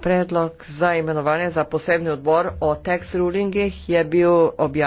predlog za imenovanje za posebni odbor o tax rulingih je bil objavljen.